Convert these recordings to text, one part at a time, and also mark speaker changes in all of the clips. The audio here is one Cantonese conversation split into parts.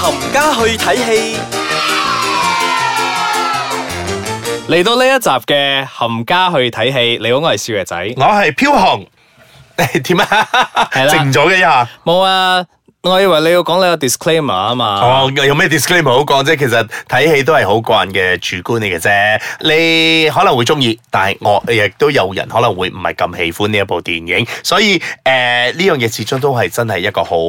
Speaker 1: 冚家去睇戲，嚟到呢一集嘅冚家去睇戲。你好，我係少爺仔，我係飄紅，點 啊？靜咗嘅呀？冇啊。我以為你要講你個
Speaker 2: disclaimer 啊嘛，哦，有咩 disclaimer 好講啫？其實睇戲都係好個人嘅主觀嚟嘅啫，你可能會中意，但係我亦都有人可能會唔係咁喜歡呢一部電影，所以誒呢樣嘢始終都係真係一個好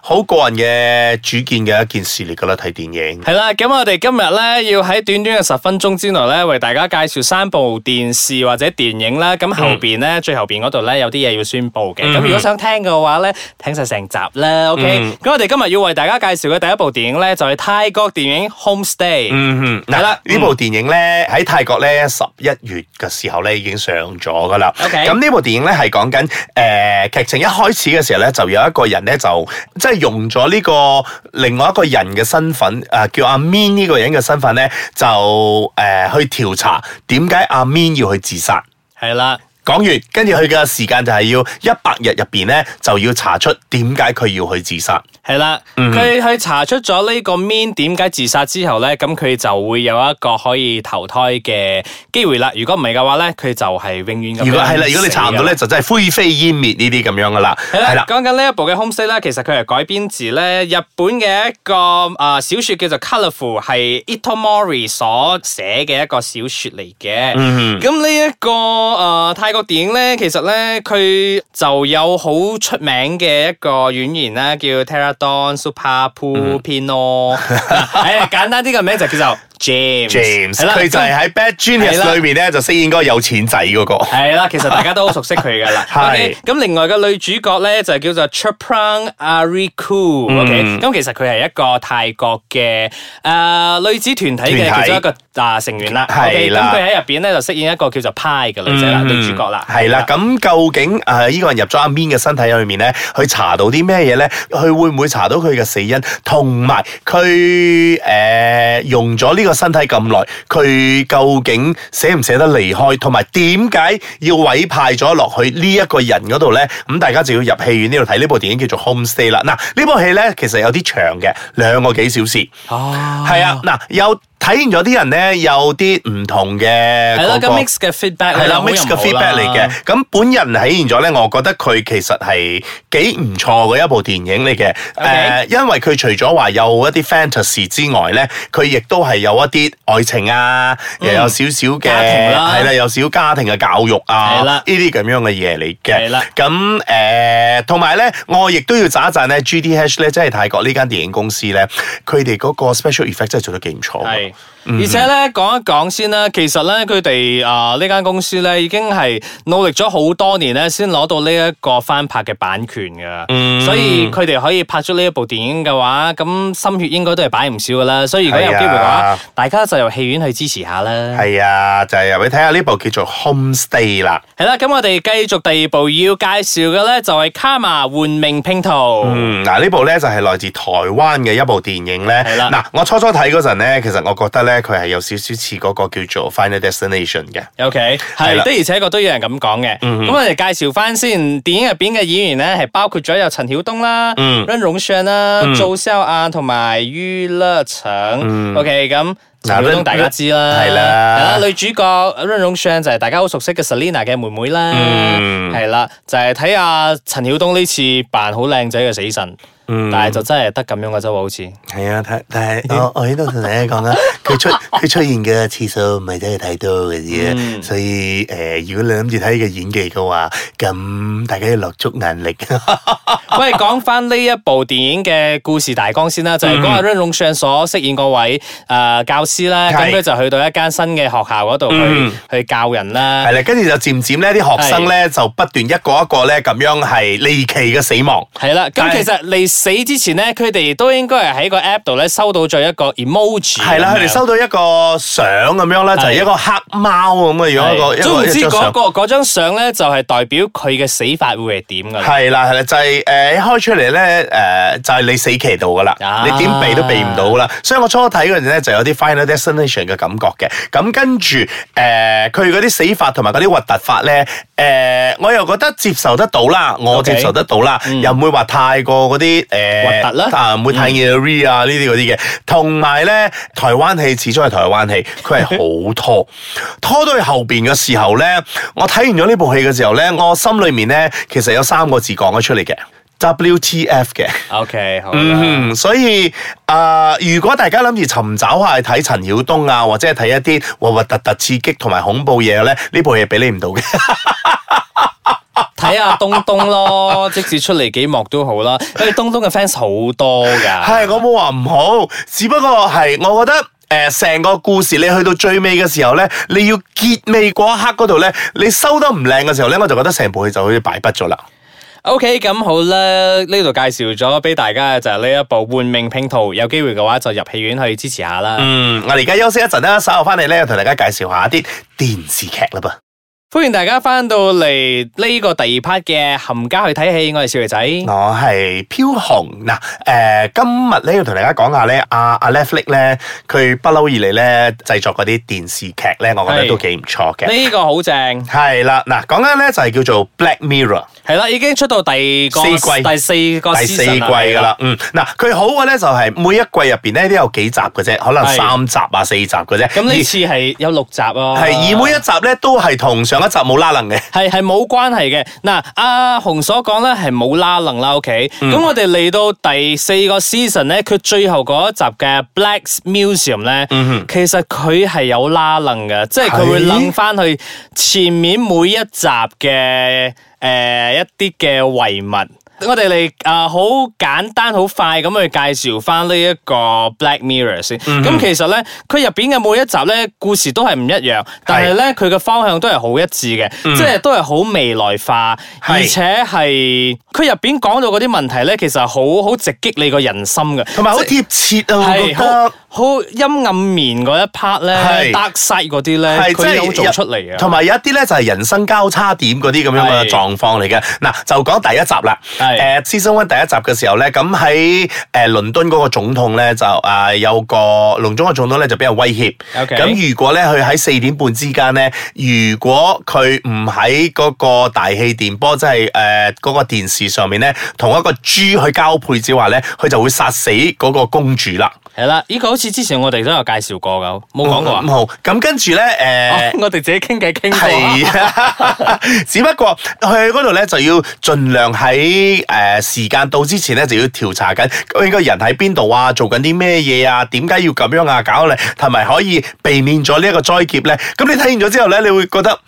Speaker 2: 好個人嘅主見嘅一件事嚟噶啦，睇電影。
Speaker 1: 係啦，咁我哋今日咧要喺短短嘅十分鐘之內咧，為大家介紹三部電視或者電影啦。咁後邊咧，嗯、最後邊嗰度咧有啲嘢要宣佈嘅。咁、嗯、哼如果想聽嘅話咧，聽曬成集啦。OK？嗯。咁、嗯、我哋今日要為大家介紹嘅第一部電影呢，就係、是、泰國電影《Homestay》。嗯哼，係、嗯、啦，呢的、嗯、部電影呢，
Speaker 2: 喺泰國呢十一月嘅時候呢已經上咗噶啦。咁呢 Okay. 部電影呢，係講緊誒劇情，一開始嘅時候呢，就有一個人呢，就即係用咗呢個另外一個人嘅身份誒、呃、叫阿 Min 呢個人嘅身份呢，就誒、呃、去調查點解阿 Min 要去自殺，係啦。講完，跟住佢嘅時間就係要一百日入邊咧，就要查出點解佢要去自殺。
Speaker 1: 係啦了，佢、嗯、哼去查出咗呢個 Min 點解自殺之後咧，咁佢就會有一個可以投胎嘅機會啦。如果唔係嘅話咧，佢就係永遠咁。如果係啦，如果你查唔到咧，
Speaker 2: 就真係灰飛煙滅呢啲咁樣噶啦。係啦了，
Speaker 1: 講緊呢一部嘅《Homestay》咧，其實佢係改編自咧日本嘅一個啊、呃、小說叫做《Colorful》，係 Itomori 所寫嘅一個小說嚟嘅。嗯哼，咁呢一個啊、呃這個電影呢，其實呢，佢就有好出名嘅一個演員咧，叫 Teradon Super Pupino 咯。誒，簡單啲個名字就叫做。James，James，佢就係喺 Bad Genius 裏面咧
Speaker 2: 就飾演個有錢仔嗰個。係
Speaker 1: 啦，其實大家都好熟悉佢噶啦。係，咁另外個女主角咧就係叫做 Chapran Ariku，OK，咁其實佢係一個泰國嘅誒女子團體嘅其中一個啊成員啦。係啦，佢喺入邊咧就飾演一個叫做派嘅女仔啦，女主
Speaker 2: 角啦。係啦，咁究竟誒呢個人入咗阿 Min 嘅身體裏面咧，去查到啲咩嘢咧？佢會唔會查到佢嘅死因？同埋佢誒用咗呢個。身體咁耐，佢究竟捨唔捨得離開，同埋點解要委派咗落去呢一個人嗰度呢？咁大家就要入戲院呢度睇呢部電影叫做《Homestay》啦。嗱，呢部戲呢，其實有啲長嘅，兩個幾小時。哦，係啊，嗱、啊、有。體現咗啲人咧有啲唔同嘅，係啦了，咁 mix 嘅
Speaker 1: feedback 係啦，mix 嘅 feedback 嚟嘅。
Speaker 2: 咁了本人體現咗咧，我覺得佢其實係幾唔錯嘅一部電影嚟嘅。誒 Okay.、呃，因為佢除咗話有一啲 fantasy 之外咧，佢亦都係有一啲愛情啊，又、嗯、有少少嘅係啦，有少少家庭嘅教育啊，呢啲咁樣嘅嘢嚟嘅。咁誒，同埋咧，我亦都要讚一讚咧，GDH 咧，即係泰國呢間電影公司咧，佢哋嗰個 special effect 真係做得幾唔錯。
Speaker 1: 而且咧講一講先啦，其實咧佢哋啊呢間、呃、公司咧已經係努力咗好多年咧，先攞到呢一個翻拍嘅版權噶，嗯、所以佢哋可以拍出呢一部電影嘅話，咁心血應該都係擺唔少噶啦。所以如果有機會嘅話，啊、大家就由戲院去支持下啦。係啊，就由你睇下呢部叫做《Home Stay、嗯》啦。係啦，咁我哋繼續第二部要介紹嘅咧就係、是《Karma 換命拼圖》嗯。嗱、啊、呢部咧就係、是、來自台
Speaker 2: 灣嘅一部電影咧。係啦、啊，嗱、啊、我初初睇嗰陣咧，其實我。覺得咧佢係有少少似嗰個叫做 Final Destination 嘅
Speaker 1: ，OK 係啦，的而且確都有人咁講嘅。咁我哋介紹翻先，電影入邊嘅演員咧係包括咗有陳曉東啦、任容萱啦、周秀亞同埋娛樂城。OK，咁陳曉東大家知啦，係啦。係啦，女主角任容萱就係大家好熟悉嘅 Selina 嘅妹妹啦，係啦，就係睇下陳曉東呢次扮好靚仔嘅死神。嗯，但係就真係得咁樣嘅啫喎，好似係啊，但係
Speaker 2: 我我喺度同大家講啦，佢出佢出現嘅次數唔係真係太多嘅嘢，所以誒，如果你諗住睇嘅演技嘅話，咁大家要落足眼力。
Speaker 1: 喂，講翻呢一部電影嘅故事大綱先啦，就係講阿 Ren Long Sheng 所飾演嗰位誒教師啦，咁佢就去到一間新嘅學校嗰度去去教人啦，係啦，跟住
Speaker 2: 就漸漸呢啲學生咧就不斷一個一個咧咁樣係離奇嘅死亡，
Speaker 1: 係啦，咁其實離。死之前咧，佢哋都應該係喺個 app 度咧收到咗一個 emoji。係啦，佢哋樣收到一個相咁樣啦，對就
Speaker 2: 係一個黑貓咁嘅樣對一個。總之嗰個
Speaker 1: 嗰張相咧，那個、相就係代表佢嘅死法會係點嘅。係啦，係啦，就係、是、誒、呃、開出嚟咧，誒、呃、就係、是、你死期到噶啦，
Speaker 2: 啊、你點避都避唔到噶啦。所以我初睇嗰陣咧就有啲 final destination 嘅感覺嘅。咁跟住誒，佢嗰啲死法同埋嗰啲核突法咧，誒、呃、我又覺得接受得到啦，我接受得到啦，okay, 嗯、又唔會話太過嗰啲。誒，核突啦，但啊，唔會睇嘢啊，些些呢啲嗰啲嘅，同埋咧台灣戲始終係台灣戲，佢係好拖， 拖到去後邊嘅時候咧，我睇完咗呢部戲嘅時候咧，我心裏面咧其實有三個字講咗出嚟嘅，W T
Speaker 1: F 嘅，OK，好，
Speaker 2: 嗯，所以啊、呃，如果大家諗住尋找下睇陳曉東啊，或者係睇一啲核核突突刺激同埋恐怖嘢咧，呢部
Speaker 1: 嘢俾你唔到嘅。 睇下東東咯， 即使出嚟幾幕都好啦。 因為東東嘅 fans 好多噶，係
Speaker 2: 我冇話唔好，只不過係我覺得誒，成、呃、個故事你去到最尾嘅時候咧，你要結尾嗰一刻嗰度咧，你收得唔靚嘅時候咧，我就覺得成部戲就好似敗筆咗啦。
Speaker 1: OK，咁好啦，呢度介紹咗俾大家嘅就係呢一部《換命拼圖》，有機會嘅話就入戲院去支持下啦。嗯，我哋而家休息一陣啦，稍後翻嚟咧，同大家介
Speaker 2: 紹下一啲電視劇啦噃。
Speaker 1: 歡迎大家翻到嚟呢個第二 part 嘅冚家去睇戲，我係小肥仔，我係飄紅嗱。誒，今日
Speaker 2: 咧要同大家講下咧，阿阿 Netflix 咧，佢不嬲以嚟咧製作嗰啲電視劇咧，我覺得都幾唔錯嘅。呢個好正，係啦。嗱，講緊咧就係叫做 Black Mirror，
Speaker 1: 係啦，已經出到第四季、第四季、第四季噶啦。嗯，
Speaker 2: 嗱，佢好嘅咧就係每一季入邊咧都有幾集嘅啫，可能三集啊、四集嘅啫。咁呢次係有六
Speaker 1: 集咯，係而每一
Speaker 2: 集咧都係同上。一集冇拉楞嘅，
Speaker 1: 係係冇關係嘅。嗱、啊，阿紅所講咧係冇拉楞啦，屋、okay? 企、嗯。咁我哋嚟到第四個 season 咧，佢最後嗰一集嘅 Black Museum, s Museum 咧、嗯哼，其實佢係有拉楞嘅，即係佢會諗翻去前面每一集嘅誒是、呃、一啲嘅遺物。我哋嚟啊，好簡單、好快咁去介紹翻呢一個《Black Mirror》先。咁其實咧，佢入邊嘅每一集咧，故事都係唔一樣，但係咧，佢嘅方向都係好一致嘅，即係都係好未來化，而且係佢入邊講到嗰啲問題咧，其實好好直擊你個人心嘅，同埋好貼切啊！係好陰暗面嗰一 part 咧，係 Dark Side 嗰啲咧，佢都做出嚟啊！同埋
Speaker 2: 有一啲咧就係人生交叉點嗰啲咁樣嘅狀況嚟嘅。嗱，就講第一集啦。誒 Season One》第一集嘅時候咧，咁喺誒倫敦嗰個總統咧就啊、uh, 有個龍中嘅總統咧就俾人威脅。咁 Okay. 如果咧佢喺四點半之間咧，如果佢唔喺嗰個大氣電波，即係誒嗰個電視上面咧，同一個豬去交配之話咧，佢就會殺死嗰個公主
Speaker 1: 啦。係啦，呢、呢個好似之前我哋都有介紹過嘅，冇講過五號咁，咁跟住咧誒，我哋自己傾偈傾。係 只
Speaker 2: 不過去嗰度咧就要盡量喺。誒，uh, 時間到之前咧就要調查緊，咁應該人喺邊度啊？做緊啲咩嘢啊？點解要咁樣啊？搞咧，同埋可以避免咗呢一個災劫咧。咁你睇完咗之後咧，你會覺得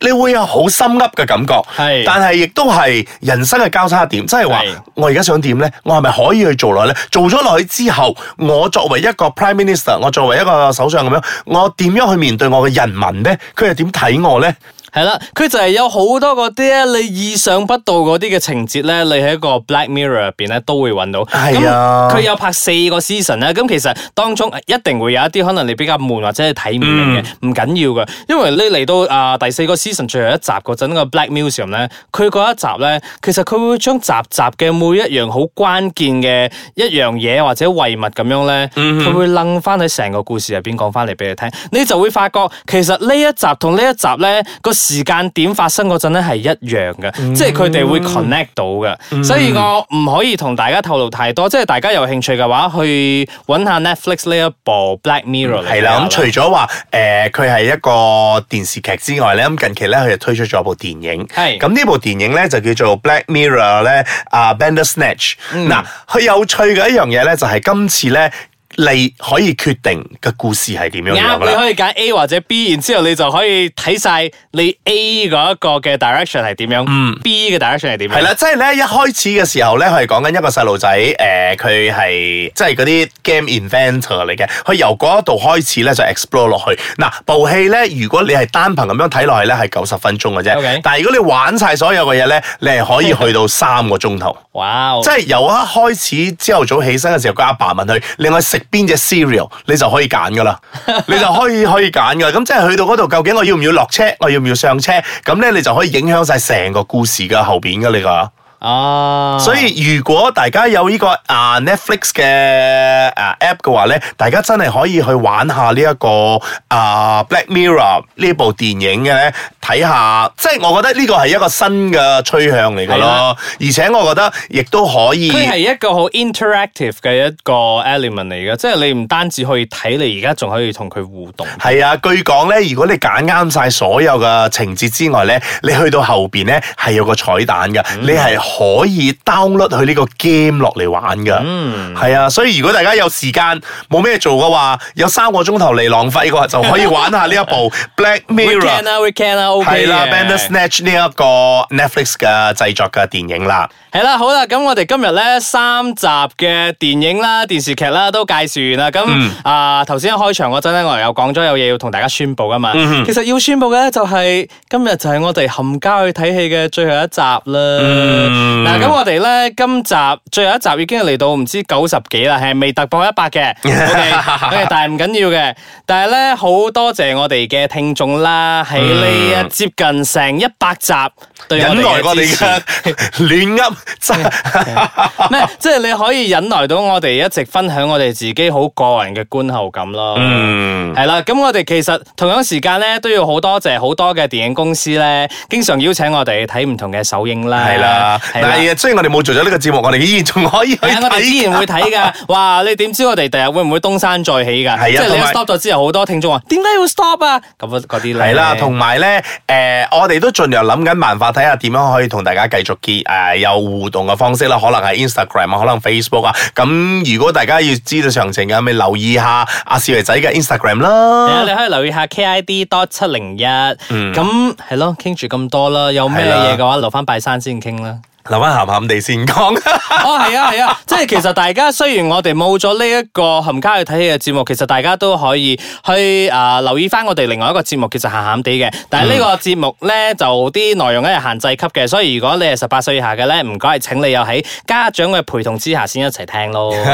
Speaker 2: 你會有好心噏嘅感覺。係是，但係亦都係人生嘅交叉點，即係話我而家想點咧？我係咪可以去做落咧？做咗落去之後，我作為一個 Prime Minister，我作為一個首相咁樣，我點樣去面對我嘅
Speaker 1: 人民咧？佢又點睇我咧？係啦，佢就係有好多嗰啲咧，你意想不到嗰啲嘅情節咧，你喺個 Black Mirror 入邊咧都會揾到。係啊、哎呀，佢有拍四個 season 咧，咁其實當中一定會有一啲可能你比較悶或者係睇唔明嘅，唔緊、嗯、要噶。因為你嚟到啊、呃、第四個 season 最後一集嗰陣、個 Black Museum 咧，佢嗰一集咧，其實佢會將集集嘅每一樣好關鍵嘅一樣嘢或者遺物咁樣咧，佢、嗯、哼會掕翻喺成個故事入邊講翻嚟俾你聽，你就會發覺其實呢一集同呢一集咧時間點發生嗰陣咧係一樣嘅，mm hmm. 即係佢哋會 connect 到嘅，mm hmm. 所以我唔可以同大家透露太多，mm hmm. 即係大家有興趣嘅話，去揾下 Netflix 呢一部 Black Mirror、嗯。係啦吧，咁、嗯、除咗話
Speaker 2: 誒，佢、呃、係一個電視劇之外咧，咁近期咧佢就推出咗部電影，係咁呢部電影咧就叫做 Black Mirror 咧、uh, 啊 Bandersnatch 嗱，佢、嗯、有趣嘅一樣嘢咧就係、是、今次咧。你可以決定嘅故事係點樣、嗯、你
Speaker 1: 可以揀 A 或者 B，然之後你就可以睇晒你 A 嗰一個嘅 direction 係點樣、嗯、B 嘅 direction 係點樣。係啦，
Speaker 2: 即係咧一開始嘅時候咧，佢係講緊一個細路仔，誒佢係即係嗰啲 game inventor 嚟嘅，佢由嗰一度開始咧就 explore 落去。嗱部戲咧，如果你係單憑咁樣睇落去咧，係九十分鐘嘅啫。Okay. 但係如果你玩晒所有嘅嘢咧，你係可以去到三個鐘頭。哇！即係由一開始朝頭早起身嘅時候，個阿爸問佢：另外食？邊隻 serial 你就可以揀噶啦，你就可以可以揀噶，咁即係去到嗰度，究竟我要唔要落車，我要唔要上車，咁咧你就可以影響晒成個故事嘅後邊嘅呢個。哦、啊，所以如果大家有、這個啊、的的呢個啊 Netflix 嘅啊 app 嘅話咧，大家真係可以去玩下呢、這、一個啊 Black Mirror 呢部電影嘅咧。睇下，即係我覺得呢個係一個新嘅趨向嚟嘅咯。嗎
Speaker 1: 而且我覺得亦都可以。佢係一個好 interactive 嘅一個 element 嚟嘅。即係你唔單止可以睇，你而家仲可以同佢互動，係啊，據講咧，如
Speaker 2: 果你揀啱晒所有嘅情節之外咧，你去到後邊咧係有個彩蛋嘅，嗯、你係可以 download 佢呢個 game 落嚟玩嘅。嗯，係啊，所以如果大家有時間冇咩做嘅話，有三個鐘頭嚟浪費嘅話 就可以玩下呢一部
Speaker 1: Black Mirror。We can 啊，We can 啊！係啦，《Bandersnatch》
Speaker 2: 呢一個 Netflix 嘅製作嘅電影啦。
Speaker 1: 係啦，好啦，咁我哋今日咧三集嘅電影啦、電視劇啦都介紹完啦。咁啊，頭先、嗯呃、開場嗰陣咧，我又講咗有嘢要同大家宣布噶嘛。嗯、哼其實要宣布嘅咧就係、是、今日就係我哋冚家去睇戲嘅最後一集啦。嗱、嗯，咁我哋咧今集最後一集已經係嚟到唔知九十幾啦，係未突破一百嘅？OK，但係唔緊要嘅，但係咧好多謝我哋嘅聽眾啦，喺呢一。接近成一百集引來我哋
Speaker 2: 亂噏，咩？
Speaker 1: 即係你可以引來到我哋一直分享我哋自己好個人嘅觀後感咯。嗯，係啦。咁我哋其實同樣時間呢，都要好多謝好多嘅電影公司呢，經常邀請我哋睇唔同嘅首映啦。係啦，係啊。雖
Speaker 2: 然我哋冇做咗呢個節目，我哋依然仲可以去睇，我哋依然會睇㗎。
Speaker 1: 哇！你點知我哋第日會唔會東山再起㗎？係啊。即係你 stop 咗之後，好多聽眾話點解要 stop 啊？咁啊，嗰啲係啦，同埋呢。誒、呃，我哋都盡量諗緊辦法，睇下點樣可以同大家繼續
Speaker 2: 結誒、呃、有互動嘅方式啦。可能係 Instagram 啊，可能 Facebook 啊。咁如果大家要知道詳情嘅，咪留意下阿、啊、少維仔少女仔嘅 Instagram 啦、啊。你可
Speaker 1: 以留意下 KID dot 七零一。咁係咯，傾住咁多啦。有咩嘢嘅話，留翻拜山先傾啦。
Speaker 2: 留翻咸咸地先講
Speaker 1: 哦，哦係啊係啊，啊，即係其實大家雖然我哋冇咗呢一個冚家去睇戲嘅節目，其實大家都可以去誒、呃、留意翻我哋另外一個節目，其實咸咸地嘅。但係呢個節目咧就啲內容咧係限制級嘅，所以如果你係十八歲以下嘅咧，唔該係請你又喺家長嘅陪同之下先一齊聽咯。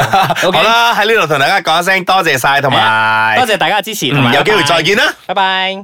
Speaker 1: Okay? 好啦，喺呢度同大家講一聲多謝晒，同埋、啊、多謝大家支持，嗯、有機會再見啦，拜拜。拜拜。